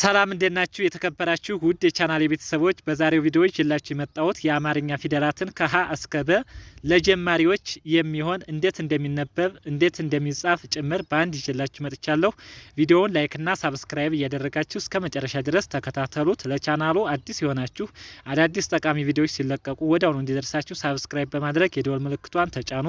ሰላም እንዴት ናችሁ? የተከበራችሁ ውድ የቻናል ቤተሰቦች፣ በዛሬው ቪዲዮ ይዤላችሁ የመጣሁት የአማርኛ ፊደላትን ከሀ እስከ በ ለጀማሪዎች የሚሆን እንዴት እንደሚነበብ እንዴት እንደሚጻፍ ጭምር በአንድ ይዤላችሁ መጥቻለሁ። ቪዲዮውን ላይክና ሳብስክራይብ እያደረጋችሁ እስከ መጨረሻ ድረስ ተከታተሉት። ለቻናሉ አዲስ የሆናችሁ አዳዲስ ጠቃሚ ቪዲዮዎች ሲለቀቁ ወዲያውኑ እንዲደርሳችሁ ሳብስክራይብ በማድረግ የደወል ምልክቷን ተጫኑ።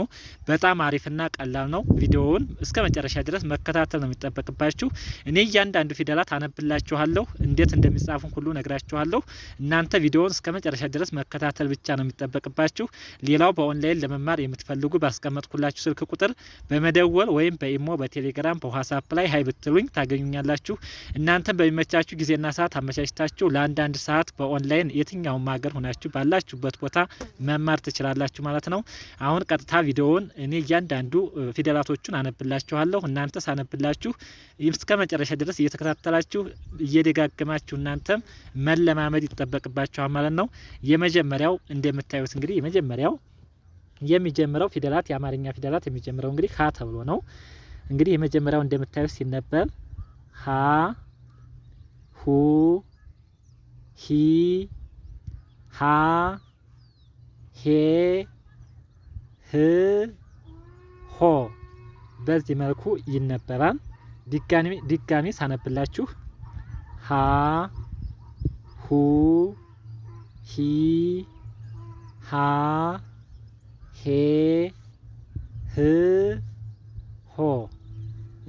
በጣም አሪፍና ቀላል ነው። ቪዲዮውን እስከ መጨረሻ ድረስ መከታተል ነው የሚጠበቅባችሁ። እኔ እያንዳንዱ ፊደላት አነብላችሁ ነግራችኋለሁ። እንዴት እንደሚጻፉን ሁሉ ነግራችኋለሁ። እናንተ ቪዲዮውን እስከ መጨረሻ ድረስ መከታተል ብቻ ነው የሚጠበቅባችሁ። ሌላው በኦንላይን ለመማር የምትፈልጉ ባስቀመጥኩላችሁ ስልክ ቁጥር በመደወል ወይም በኢሞ፣ በቴሌግራም፣ በዋትሳፕ ላይ ሀይ ብትሉኝ ታገኙኛላችሁ። እናንተን በሚመቻችሁ ጊዜና ሰዓት አመቻችታችሁ ለአንዳንድ ሰዓት በኦንላይን የትኛውም ሀገር ሆናችሁ ባላችሁበት ቦታ መማር ትችላላችሁ ማለት ነው። አሁን ቀጥታ ቪዲዮውን እኔ እያንዳንዱ ፊደላቶቹን አነብላችኋለሁ። እናንተ ሳነብላችሁ እስከ መጨረሻ ድረስ እየተከታተላችሁ እየደጋገማችሁ እናንተም መለማመድ ይጠበቅባችኋል ማለት ነው። የመጀመሪያው እንደምታዩት እንግዲህ የመጀመሪያው የሚጀምረው ፊደላት የአማርኛ ፊደላት የሚጀምረው እንግዲህ ሀ ተብሎ ነው። እንግዲህ የመጀመሪያው እንደምታዩት ሲነበብ ሀ ሁ ሂ ሃ ሄ ህ ሆ በዚህ መልኩ ይነበባል። ድጋሚ ድጋሚ ሳነብላችሁ ሀ ሁ ሂ ሃ ሄ ህ ሆ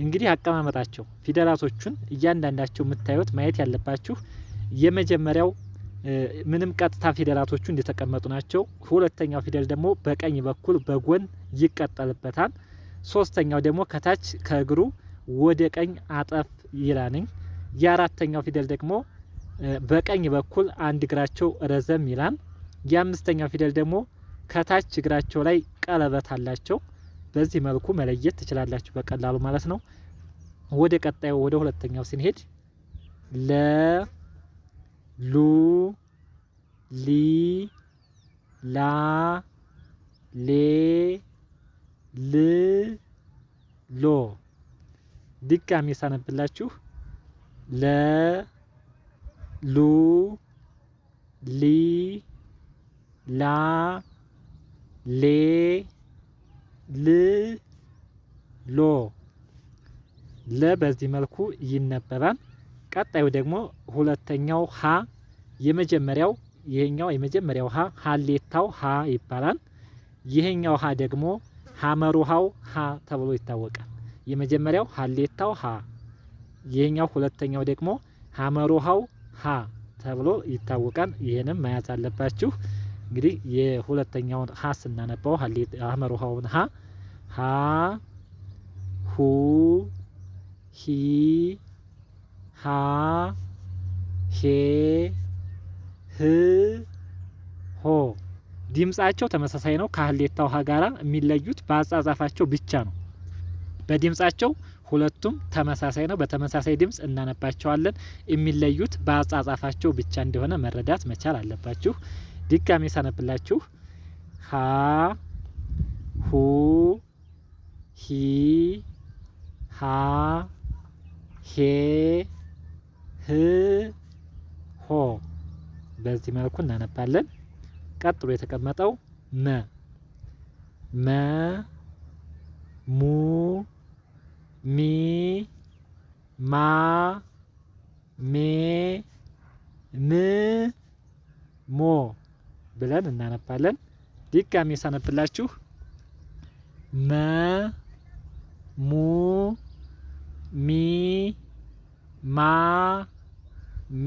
እንግዲህ አቀማመጣቸው ፊደላቶቹን እያንዳንዳቸው የምታዩት ማየት ያለባችሁ የመጀመሪያው ምንም ቀጥታ ፊደላቶቹ እንደተቀመጡ ናቸው። ሁለተኛው ፊደል ደግሞ በቀኝ በኩል በጎን ይቀጠልበታል። ሶስተኛው ደግሞ ከታች ከእግሩ ወደ ቀኝ አጠፍ ይላንኝ የአራተኛው ፊደል ደግሞ በቀኝ በኩል አንድ እግራቸው ረዘም ይላል። የአምስተኛው ፊደል ደግሞ ከታች እግራቸው ላይ ቀለበት አላቸው። በዚህ መልኩ መለየት ትችላላችሁ በቀላሉ ማለት ነው። ወደ ቀጣዩ ወደ ሁለተኛው ስንሄድ ለ ሉ ሊ ላ ሌ ል ሎ ድጋሚ ሳነብላችሁ ለ ሉ ሊ ላ ሌ ል ሎ ለ በዚህ መልኩ ይነበባል። ቀጣዩ ደግሞ ሁለተኛው ሀ የመጀመሪያው ይሄኛው የመጀመሪያው ሀ ሀሌታው ሀ ይባላል። ይሄኛው ሀ ደግሞ ሀመሩሃው ሀ ተብሎ ይታወቃል። የመጀመሪያው ሀሌታው ሀ ይህኛው ሁለተኛው ደግሞ ሀመሮሃው ሀ ተብሎ ይታወቃል። ይህንም መያዝ አለባችሁ። እንግዲህ የሁለተኛውን ሀ ስናነባው ሀመሮሃውን ሀ ሀ ሁ ሂ ሃ ሄ ህ ሆ ድምጻቸው ተመሳሳይ ነው። ከሀሌታው ሀ ጋራ የሚለዩት በአጻጻፋቸው ብቻ ነው። በድምጻቸው ሁለቱም ተመሳሳይ ነው። በተመሳሳይ ድምፅ እናነባቸዋለን። የሚለዩት በአጻጻፋቸው ብቻ እንደሆነ መረዳት መቻል አለባችሁ። ድጋሜ ሳነብላችሁ ሀ ሁ ሂ ሃ ሄ ህ ሆ በዚህ መልኩ እናነባለን። ቀጥሎ የተቀመጠው መ መ ሙ ሚ ማ ሜ ም ሞ ብለን እናነባለን። ድጋሜ ሳነብላችሁ መ ሙ ሚ ማ ሜ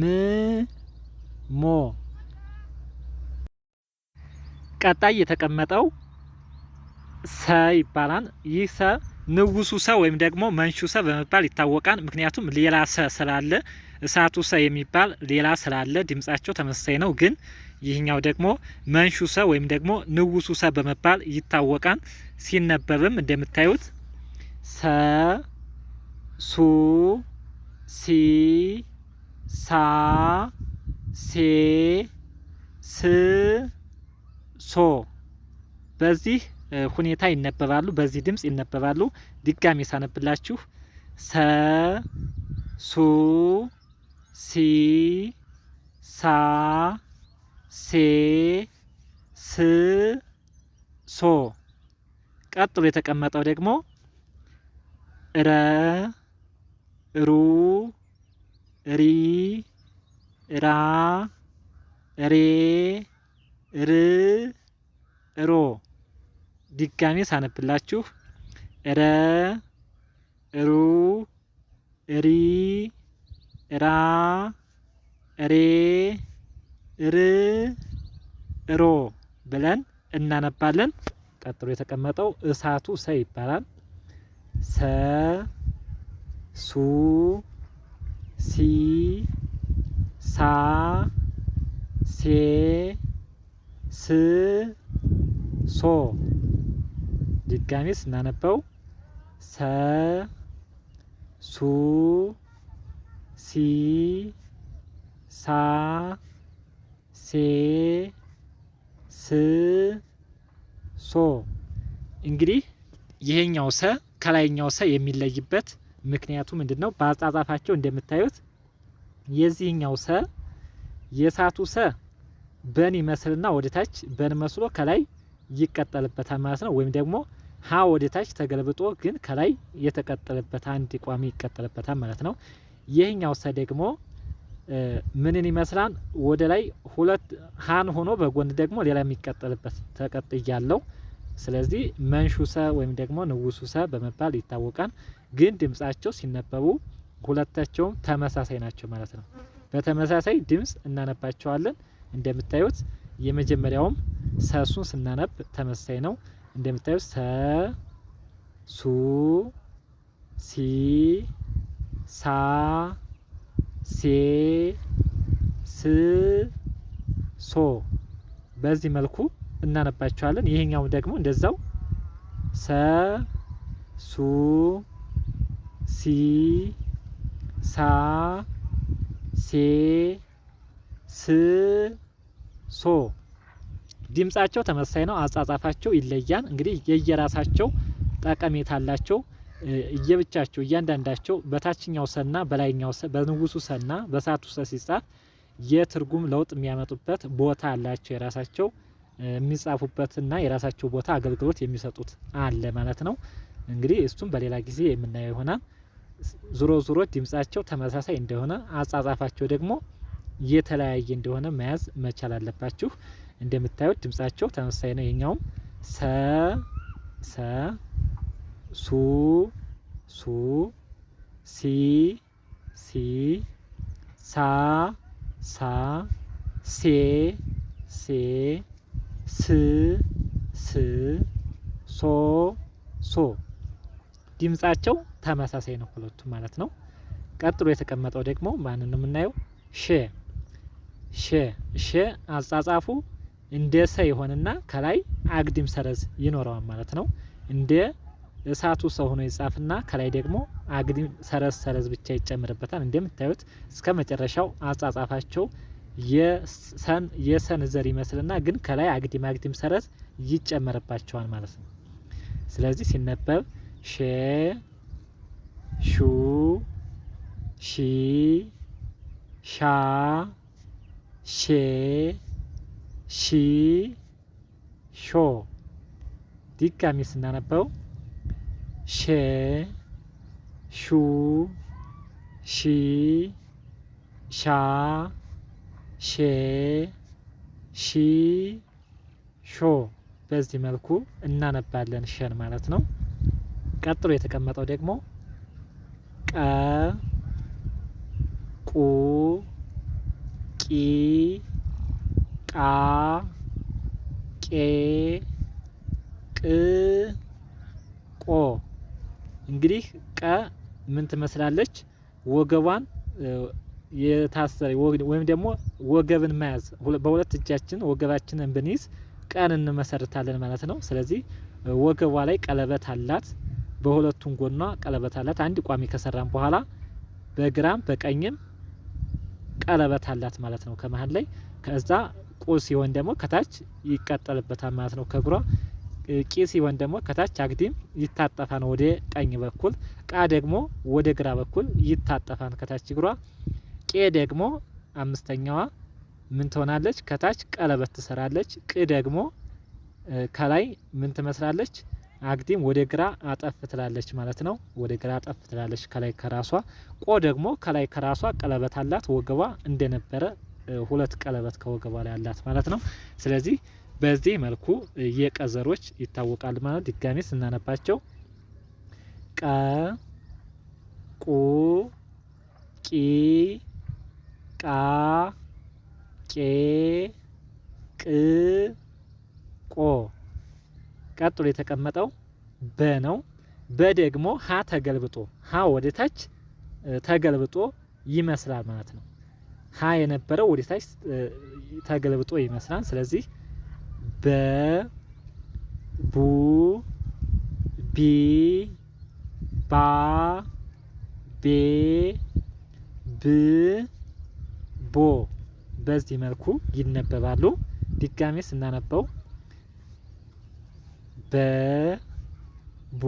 ም ሞ ቀጣይ የተቀመጠው ሰ ይባላል። ይህ ሰ ንጉሱ ሰ ወይም ደግሞ መንሹ ሰ በመባል ይታወቃል። ምክንያቱም ሌላ ሰ ስላለ እሳቱ ሰ የሚባል ሌላ ስላለ ድምጻቸው ተመሳሳይ ነው። ግን ይህኛው ደግሞ መንሹ ሰ ወይም ደግሞ ንጉሱ ሰ በመባል ይታወቃል። ሲነበብም እንደምታዩት ሰ ሱ ሲ ሳ ሴ ስ ሶ በዚህ ሁኔታ ይነበባሉ። በዚህ ድምጽ ይነበባሉ። ድጋሜ ሳነብላችሁ ሰ ሱ ሲ ሳ ሴ ስ ሶ። ቀጥሎ የተቀመጠው ደግሞ ረ ሩ ሪ ራ ሬ ር ሮ ድጋሜ ሳነብላችሁ ረ ሩ ሪ ራ ሬ ር ሮ ብለን እናነባለን። ቀጥሎ የተቀመጠው እሳቱ ሰ ይባላል። ሰ ሱ ሲ ሳ ሴ ስ ሶ ድጋሜ ስናነበው ሰ ሱ ሲ ሳ ሴ ስ ሶ። እንግዲህ ይሄኛው ሰ ከላይኛው ሰ የሚለይበት ምክንያቱ ምንድን ነው? በአጻጻፋቸው እንደምታዩት የዚህኛው ሰ የሳቱ ሰ በን ይመስልና ወደታች በን መስሎ ከላይ ይቀጠልበታል ማለት ነው። ወይም ደግሞ ሀ ወደ ታች ተገልብጦ ግን ከላይ የተቀጠለበት አንድ ቋሚ ይቀጠልበታል ማለት ነው። ይህኛው ሰ ደግሞ ምንን ይመስላል? ወደ ላይ ሁለት ሀን ሆኖ በጎን ደግሞ ሌላ የሚቀጠልበት ተቀጥያለው። ስለዚህ መንሹ ሰ ወይም ደግሞ ንዑሱ ሰ በመባል ይታወቃል። ግን ድምጻቸው ሲነበቡ ሁለታቸውም ተመሳሳይ ናቸው ማለት ነው። በተመሳሳይ ድምጽ እናነባቸዋለን። እንደምታዩት የመጀመሪያውም ሰሱን ስናነብ ተመሳሳይ ነው። እንደምታዩት ሰ ሱ ሲ ሳ ሴ ስ ሶ በዚህ መልኩ እናነባቸዋለን። ይህኛውም ደግሞ እንደዛው ሰ ሱ ሲ ሳ ሴ ስ ሶ ድምጻቸው ተመሳሳይ ነው፣ አጻጻፋቸው ይለያል። እንግዲህ የየራሳቸው ጠቀሜታ አላቸው። እየብቻቸው እያንዳንዳቸው በታችኛው ሰና በላይኛው ሰ በንጉሱ ሰና በሳቱ ሰ ሲጻፍ የትርጉም ለውጥ የሚያመጡበት ቦታ አላቸው። የራሳቸው የሚጻፉበትና የራሳቸው ቦታ አገልግሎት የሚሰጡት አለ ማለት ነው። እንግዲህ እሱም በሌላ ጊዜ የምናየው ይሆናል። ዙሮ ዙሮ ድምጻቸው ተመሳሳይ እንደሆነ አጻጻፋቸው ደግሞ የተለያየ እንደሆነ መያዝ መቻል አለባችሁ። እንደምታዩት ድምጻቸው ተመሳሳይ ነው። የኛውም ሰ ሰ ሱ ሱ ሲ ሲ ሳ ሳ ሴ ሴ ስ ስ ሶ ሶ ድምጻቸው ተመሳሳይ ነው ሁለቱ ማለት ነው። ቀጥሎ የተቀመጠው ደግሞ ማንን ነው የምናየው? ሼ ሼ አጻጻፉ እንደ ሰ ይሆንና ከላይ አግድም ሰረዝ ይኖረዋል ማለት ነው። እንደ እሳቱ ሰው ሆኖ ይጻፍና ከላይ ደግሞ አግድም ሰረዝ ሰረዝ ብቻ ይጨምርበታል። እንደምታዩት እስከ መጨረሻው አጻጻፋቸው የሰን የሰን ዘር ይመስልና ግን ከላይ አግድም አግድም ሰረዝ ይጨመርባቸዋል ማለት ነው። ስለዚህ ሲነበብ ሼ ሹ ሺ ሻ ሼ ሺ ሾ ድጋሚ ስናነበው ሼ ሹ ሺ ሻ ሼ ሺ ሾ በዚህ መልኩ እናነባለን ሸን ማለት ነው። ቀጥሎ የተቀመጠው ደግሞ ቀ ቁ ቂ ቃቄቅቆ ቄ ቅ ቆ እንግዲህ ቀ ምን ትመስላለች? ወገቧን የታሰረ ወይም ደግሞ ወገብን መያዝ በሁለት እጃችን ወገባችንን ብንይዝ ቀን እንመሰርታለን ማለት ነው። ስለዚህ ወገቧ ላይ ቀለበት አላት። በሁለቱም ጎኗ ቀለበት አላት። አንድ ቋሚ ከሰራም በኋላ በግራም በቀኝም ቀለበት አላት ማለት ነው ከመሀል ላይ ከዛ ቁ ሲሆን ደግሞ ከታች ይቀጠልበታል ማለት ነው ከግሯ ቂ ሲሆን ደግሞ ከታች አግዲም ይታጠፋን ወደ ቀኝ በኩል ቃ ደግሞ ወደ ግራ በኩል ይታጠፋን ከታች እግሯ ቄ ደግሞ አምስተኛዋ ምን ትሆናለች ከታች ቀለበት ትሰራለች ቅ ደግሞ ከላይ ምን ትመስላለች አግዲም ወደ ግራ አጠፍ ትላለች ማለት ነው ወደ ግራ አጠፍ ትላለች ከላይ ከራሷ ቆ ደግሞ ከላይ ከራሷ ቀለበት አላት ወገቧ እንደነበረ ሁለት ቀለበት ከወገቧ ላይ አላት ማለት ነው። ስለዚህ በዚህ መልኩ የቀዘሮች ይታወቃል ማለት ድጋሜ ስናነባቸው ቀ ቁ ቂ ቃ ቄ ቅ ቆ። ቀጥሎ የተቀመጠው በ ነው። በ ደግሞ ሀ ተገልብጦ ሀ ወደ ታች ተገልብጦ ይመስላል ማለት ነው። ሀ የነበረው ወደ ታች ተገልብጦ ይመስላል። ስለዚህ በ ቡ ቢ ባ ቤ ብ ቦ በዚህ መልኩ ይነበባሉ። ድጋሜ ስናነበው በ ቡ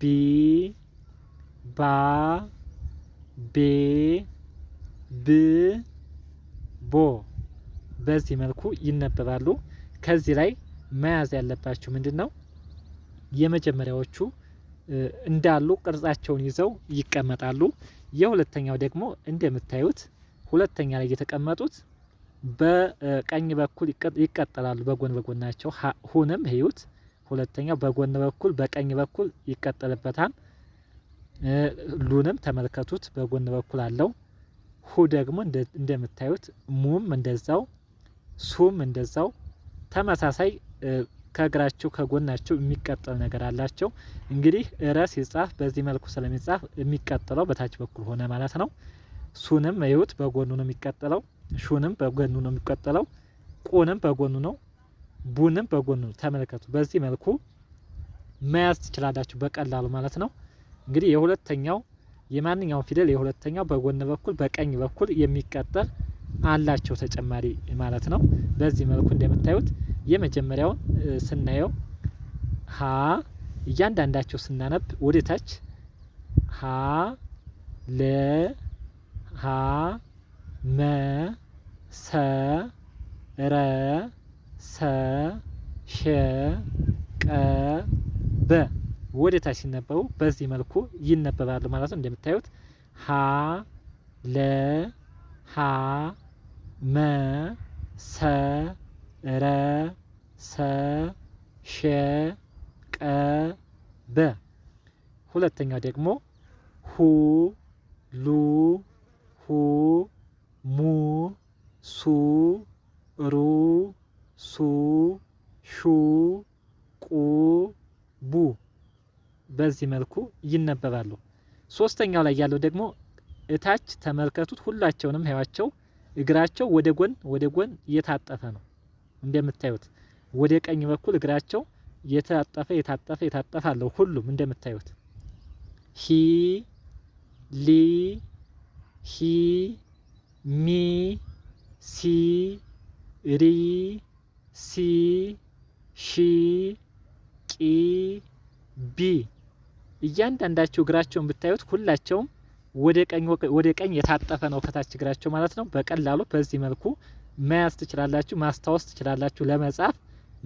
ቢ ባ ቤ ብቦ በዚህ መልኩ ይነበባሉ። ከዚህ ላይ መያዝ ያለባችሁ ምንድን ነው የመጀመሪያዎቹ እንዳሉ ቅርጻቸውን ይዘው ይቀመጣሉ። የሁለተኛው ደግሞ እንደምታዩት ሁለተኛ ላይ የተቀመጡት በቀኝ በኩል ይቀጠላሉ። በጎን በጎን ናቸው። ሁንም ህዩት ሁለተኛው በጎን በኩል በቀኝ በኩል ይቀጠልበታል። ሉንም ተመልከቱት በጎን በኩል አለው። ሁ ደግሞ እንደምታዩት ሙም እንደዛው ሱም እንደዛው ተመሳሳይ ከእግራቸው ከጎናቸው የሚቀጠል ነገር አላቸው። እንግዲህ እረ ይጻፍ በዚህ መልኩ ስለሚጻፍ የሚቀጥለው በታች በኩል ሆነ ማለት ነው። ሱንም እዩት በጎኑ ነው የሚቀጥለው። ሹንም በጎኑ ነው የሚቀጥለው። ቁንም በጎኑ ነው። ቡንም በጎኑ ነው። ተመልከቱ። በዚህ መልኩ መያዝ ትችላላችሁ በቀላሉ ማለት ነው። እንግዲህ የሁለተኛው የማንኛውም ፊደል የሁለተኛው በጎን በኩል በቀኝ በኩል የሚቀጠል አላቸው ተጨማሪ ማለት ነው። በዚህ መልኩ እንደምታዩት የመጀመሪያውን ስናየው ሀ እያንዳንዳቸው ስናነብ ወደ ታች ሀ ለ ሀ መ ሰ ረ ሰ ሸ ቀ በ ወደ ታች ሲነበቡ በዚህ መልኩ ይነበባሉ ማለት ነው። እንደምታዩት ሀ ለ ሀ መ ሰ ረ ሰ ሸ ቀ በ። ሁለተኛው ደግሞ ሁ ሉ ሁ ሙ ሱ ሩ ሱ ሹ ቁ ቡ በዚህ መልኩ ይነበባሉ። ሶስተኛው ላይ ያለው ደግሞ እታች ተመልከቱት። ሁላቸውንም ህዋቸው እግራቸው ወደ ጎን ወደ ጎን እየታጠፈ ነው። እንደምታዩት ወደ ቀኝ በኩል እግራቸው የታጠፈ የታጠፈ የታጠፈ አለው። ሁሉም እንደምታዩት ሂ ሊ ሂ ሚ ሲ ሪ ሲ ሺ ቂ ቢ እያንዳንዳቸው እግራቸውን ብታዩት ሁላቸውም ወደ ቀኝ የታጠፈ ነው ከታች እግራቸው ማለት ነው። በቀላሉ በዚህ መልኩ መያዝ ትችላላችሁ፣ ማስታወስ ትችላላችሁ። ለመጻፍ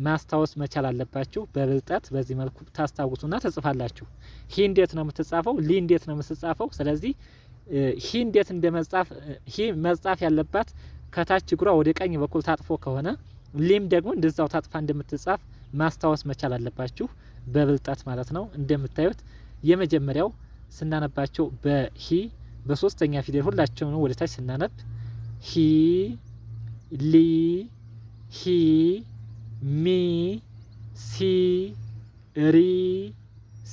ማስታወስ መቻል አለባችሁ። በብልጠት በዚህ መልኩ ታስታውሱና ትጽፋላችሁ። ሂ እንዴት ነው የምትጻፈው? ሊ እንዴት ነው የምትጻፈው? ስለዚህ ሂ እንዴት እንደመጻፍ ሂ መጻፍ ያለባት ከታች እግሯ ወደ ቀኝ በኩል ታጥፎ ከሆነ ሊም ደግሞ እንደዛው ታጥፋ እንደምትጻፍ ማስታወስ መቻል አለባችሁ በብልጠት ማለት ነው እንደምታዩት የመጀመሪያው ስናነባቸው በሂ በሶስተኛ ፊደል ሁላቸው ነው ወደታች ስናነብ ሂ ሊ ሂ ሚ ሲ ሪ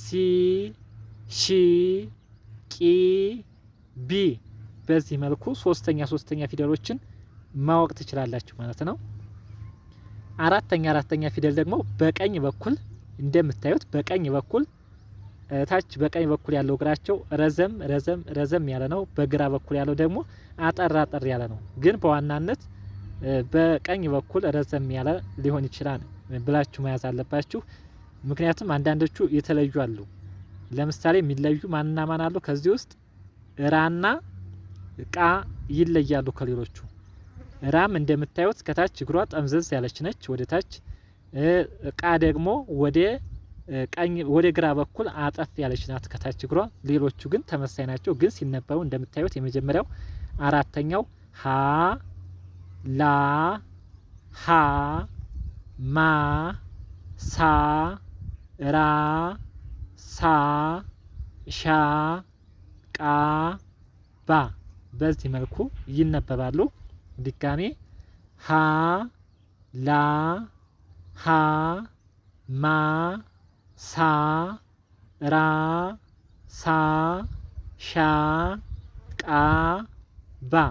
ሲ ሺ ቂ ቢ በዚህ መልኩ ሶስተኛ ሶስተኛ ፊደሎችን ማወቅ ትችላላችሁ ማለት ነው። አራተኛ አራተኛ ፊደል ደግሞ በቀኝ በኩል እንደምታዩት በቀኝ በኩል ታች በቀኝ በኩል ያለው እግራቸው ረዘም ረዘም ረዘም ያለ ነው። በግራ በኩል ያለው ደግሞ አጠር አጠር ያለ ነው። ግን በዋናነት በቀኝ በኩል ረዘም ያለ ሊሆን ይችላል ብላችሁ መያዝ አለባችሁ። ምክንያቱም አንዳንዶቹ የተለዩ አሉ። ለምሳሌ የሚለዩ ማንና ማን አሉ? ከዚህ ውስጥ ራና ቃ ይለያሉ ከሌሎቹ። ራም እንደምታዩት ከታች እግሯ ጠምዘዝ ያለች ነች ወደ ታች። ቃ ደግሞ ወደ ቀኝ ወደ ግራ በኩል አጠፍ ያለች ናት ከታች እግሯ። ሌሎቹ ግን ተመሳይ ናቸው፣ ግን ሲነበቡ እንደምታዩት የመጀመሪያው አራተኛው ሀ ላ ሀ ማ ሳ ራ ሳ ሻ ቃ ባ በዚህ መልኩ ይነበባሉ። ድጋሜ ሀ ላ ሀ ማ ሳ ራ ሳ ሻ ቃ ባ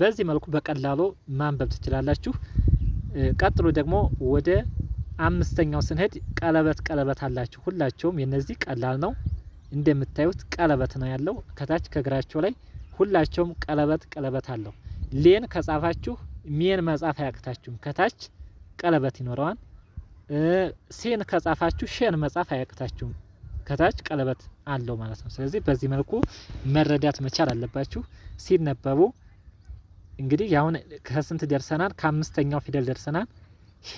በዚህ መልኩ በቀላሉ ማንበብ ትችላላችሁ። ቀጥሎ ደግሞ ወደ አምስተኛው ስንሄድ ቀለበት ቀለበት አላችሁ። ሁላቸውም የነዚህ ቀላል ነው። እንደምታዩት ቀለበት ነው ያለው ከታች ከእግራቸው ላይ ሁላቸውም ቀለበት ቀለበት አለው። ሌን ከጻፋችሁ ሚን መጻፍ አያቅታችሁም። ከታች ቀለበት ይኖረዋል። ሴን ከጻፋችሁ ሼን መጻፍ አያቅታችሁም። ከታች ቀለበት አለው ማለት ነው። ስለዚህ በዚህ መልኩ መረዳት መቻል አለባችሁ ሲነበቡ። እንግዲህ አሁን ከስንት ደርሰናል? ከአምስተኛው ፊደል ደርሰናል። ሄ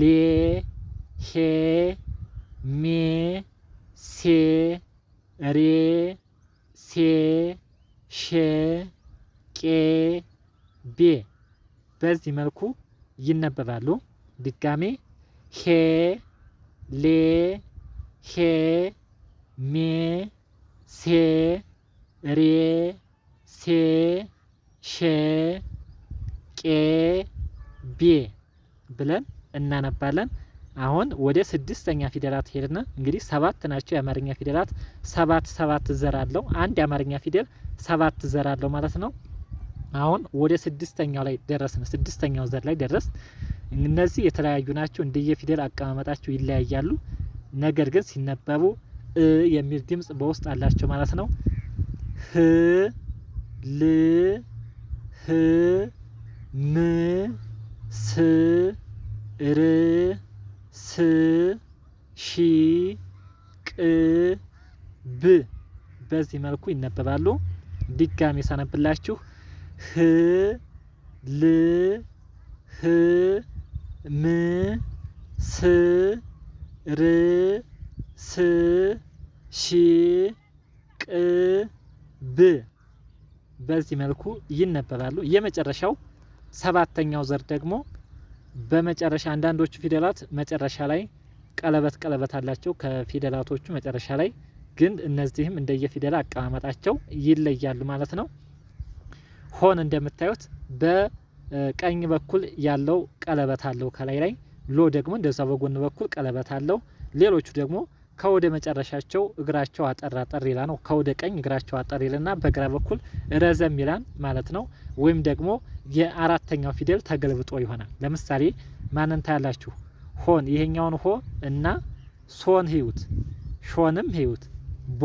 ሌ ሄ ሜ ሴ ሬ ሴ ሼ ቄ ቤ በዚህ መልኩ ይነበባሉ። ድጋሜ ሄ ሌ ሄ ሜ ሴ ሬ ሴ ሼ ቄ ቤ ብለን እናነባለን። አሁን ወደ ስድስተኛ ፊደላት ሄድና እንግዲህ ሰባት ናቸው የአማርኛ ፊደላት። ሰባት ሰባት ዘር አለው አንድ የአማርኛ ፊደል ሰባት ዘር አለው ማለት ነው። አሁን ወደ ስድስተኛው ላይ ደረስን። ስድስተኛው ዘር ላይ ደረስ እነዚህ የተለያዩ ናቸው። እንደየፊደል አቀማመጣቸው ይለያያሉ። ነገር ግን ሲነበቡ እ የሚል ድምጽ በውስጥ አላቸው ማለት ነው። ህ ል ህ ም ስ ር ስ ሺ ቅ ብ በዚህ መልኩ ይነበባሉ። ድጋሜ ሳነብላችሁ ህ ል ህ ምስርስሽቅብ ሺ በዚህ መልኩ ይነበባሉ። የመጨረሻው ሰባተኛው ዘር ደግሞ በመጨረሻ አንዳንዶቹ ፊደላት መጨረሻ ላይ ቀለበት ቀለበት አላቸው ከፊደላቶቹ መጨረሻ ላይ ግን እነዚህም እንደየፊደላ አቀማመጣቸው ይለያሉ ማለት ነው። ሆን እንደምታዩት በ ቀኝ በኩል ያለው ቀለበት አለው ከላይ ላይ ሎ ደግሞ እንደዛ በጎን በኩል ቀለበት አለው። ሌሎቹ ደግሞ ከወደ መጨረሻቸው እግራቸው አጠር አጠር ይላ ነው። ከወደ ቀኝ እግራቸው አጠር ይልና በግራ በኩል ረዘም ይላን ማለት ነው። ወይም ደግሞ የአራተኛው ፊደል ተገልብጦ ይሆናል። ለምሳሌ ማንን ታያላችሁ? ሆን ይሄኛውን ሆ እና ሶን ህይወት ሾንም ህይወት ቦ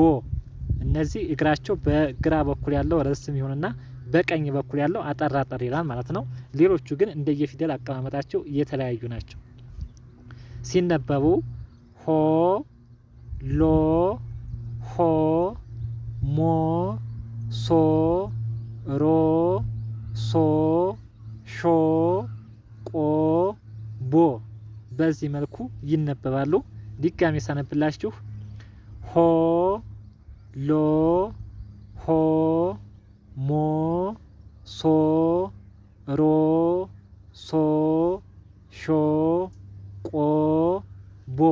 እነዚህ እግራቸው በግራ በኩል ያለው ረዝም ይሆንና በቀኝ በኩል ያለው አጠር አጠር ይላል ማለት ነው። ሌሎቹ ግን እንደየፊደል አቀማመጣቸው የተለያዩ ናቸው። ሲነበቡ ሆ ሎ ሆ ሞ ሶ ሮ ሶ ሾ ቆ ቦ በዚህ መልኩ ይነበባሉ። ድጋሜ ሳነብላችሁ ሆ ሎ ሆ ሞ ሶ ሮ ሶ ሾ ቆ ቦ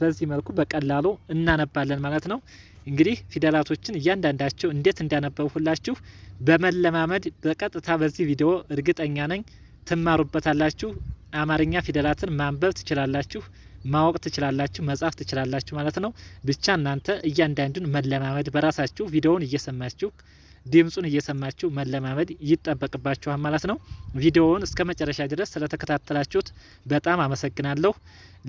በዚህ መልኩ በቀላሉ እናነባለን ማለት ነው። እንግዲህ ፊደላቶችን እያንዳንዳቸው እንዴት እንዳነበብሁላችሁ በመለማመድ በቀጥታ በዚህ ቪዲዮ እርግጠኛ ነኝ ትማሩበታላችሁ። አማርኛ ፊደላትን ማንበብ ትችላላችሁ፣ ማወቅ ትችላላችሁ፣ መጻፍ ትችላላችሁ ማለት ነው። ብቻ እናንተ እያንዳንዱን መለማመድ በራሳችሁ ቪዲዮውን እየሰማችሁ ድምፁን እየሰማችሁ መለማመድ ይጠበቅባችኋል ማለት ነው። ቪዲዮውን እስከ መጨረሻ ድረስ ስለተከታተላችሁት በጣም አመሰግናለሁ።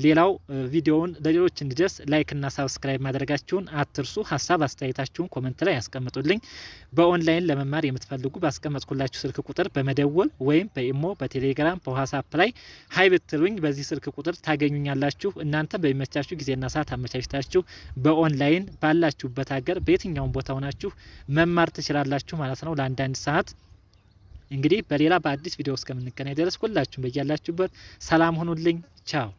ሌላው ቪዲዮውን ለሌሎች እንዲደርስ ላይክና ሳብስክራይብ ማድረጋችሁን አትርሱ። ሀሳብ አስተያየታችሁን ኮመንት ላይ ያስቀምጡልኝ። በኦንላይን ለመማር የምትፈልጉ ባስቀመጥኩላችሁ ስልክ ቁጥር በመደወል ወይም በኢሞ በቴሌግራም በዋትሳፕ ላይ ሀይ ብትሉኝ በዚህ ስልክ ቁጥር ታገኙኛላችሁ። እናንተ በሚመቻችሁ ጊዜና ሰዓት አመቻችታችሁ በኦንላይን ባላችሁበት ሀገር በየትኛውም ቦታ ሆናችሁ መማር ትችላላችሁ። ትችላላችሁ ማለት ነው ለአንዳንድ ሰዓት። እንግዲህ በሌላ በአዲስ ቪዲዮ እስከምንገናኝ ድረስ ሁላችሁም በያላችሁበት ሰላም ሁኑልኝ። ቻው